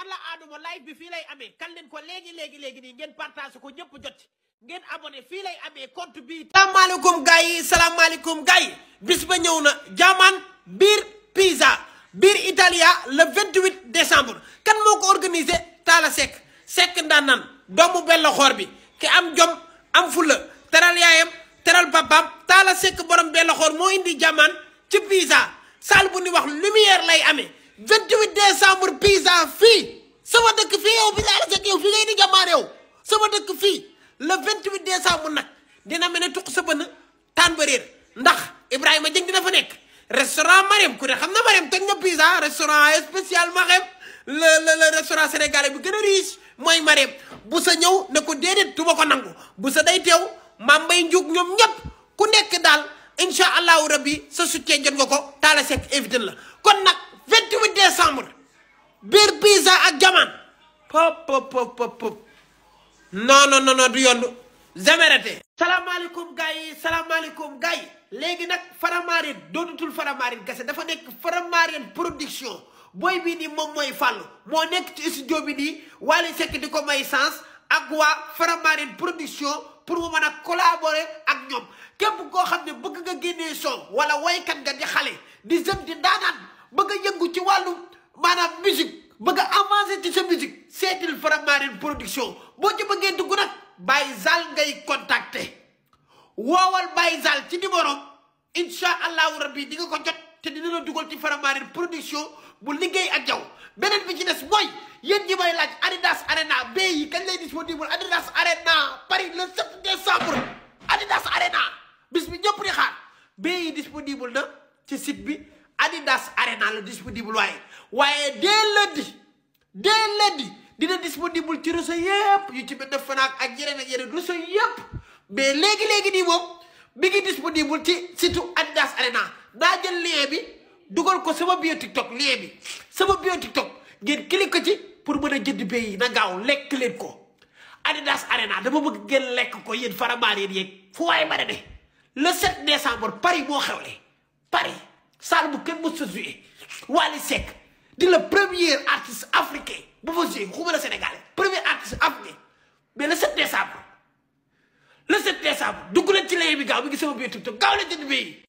alla adama live bi fii lay amee kan leen ko léegi léegi léegi nii ngeen partage ko ñëpp jot ngeen abonné fii lay amee compte bi salaamaaleykum gars yi salaamaaleykum gars yi bis ba ñëw na jaamaan biir Pisa biir Italia le 28 décembre kan moo ko organisé Talla sekk Seck ndaanaan doomu bella xoor bi ki am jom am fulla teral yaayam teral papaam Talla Seck borom bella xoor moo indi jaamaan ci Pisa saal bu ni wax lumière lay amee 28 décembre Pisa fii sama dëkk fii yow bi laa rase yow fii ngay di jàmbaar yow sama dëkk fii le 28 décembre nag dina mel ne tuq sa bënn taan ba réer ndax Ibrahima Dieng dina fa nekk restaurant Marème ku ne xam na Marème teg na pizza restaurant spécial Marème la la la restaurant sénégalais bi gën a riche mooy Marème bu sa ñëw ne ko déedéet du ma ko nangu bu sa day teew maam mbay njuug ñoom ñëpp ku nekk daal incha allahu rabbi sa soutien jot nga ko taala sekk évité la kon nag 28 décembre. biir Pisa ak jaman pop pop pop pop non non non du yondu jamais raté salaamaaleykum gars yi salaamaaleykum gars léegi nag Faramareen doonatul Faramareen kese dafa nekk Faramareen production booy bii nii moom mooy fàllu moo nekk ci studio bi nii Wally sekk di ko may sens ak waa Faramareen production pour mu mën a collaborer ak ñoom képp koo xam ne bëgg nga génnee son wala waykat nga di xale di jëm di daanaan bëgg a ci wàllu show boo ci bëggee dugg nag Baye Zal ngay contacter woowal Baye Zal ci numéro incha allahu rabbi di nga ko jot te dina la dugal ci Faramareen production bu liggéey ak yow beneen bi ci des mooy yéen ñi may laaj Adidas Arena bee yi kañ lay disponible Adidas Arena bis bi ñëpp di xaar bee yi disponible na ci sit bi Adidas Arena la disponible waaye waaye dès lundi dès lundi dina disponible ci réseau yëpp yu ci benn Fnac ak yeneen ak yeneen réseau yëpp mais léegi léegi nii moom mi ngi disponible ci surtout Adidas Arena daa jël lien bi dugal ko sama bio TikTok lien bi sama bio TikTok ngeen click ko ci pour mën a jënd bay na gaaw lekk leen ko Adidas Arena dama bëgg ngeen lekk ko yéen faramaare yéen yeeg fu waaye mën a ne le 7 décembre Paris moo xewle Paris salle bu kenn mës sa joué Wally di la premier artiste africain bu fa joué xuma la sénégalais premier artiste africain mais le 7 décembre le 7 décembre dugg leen ci lay bi gaaw bi ngi sama biir TikTok gaaw leen jënd bi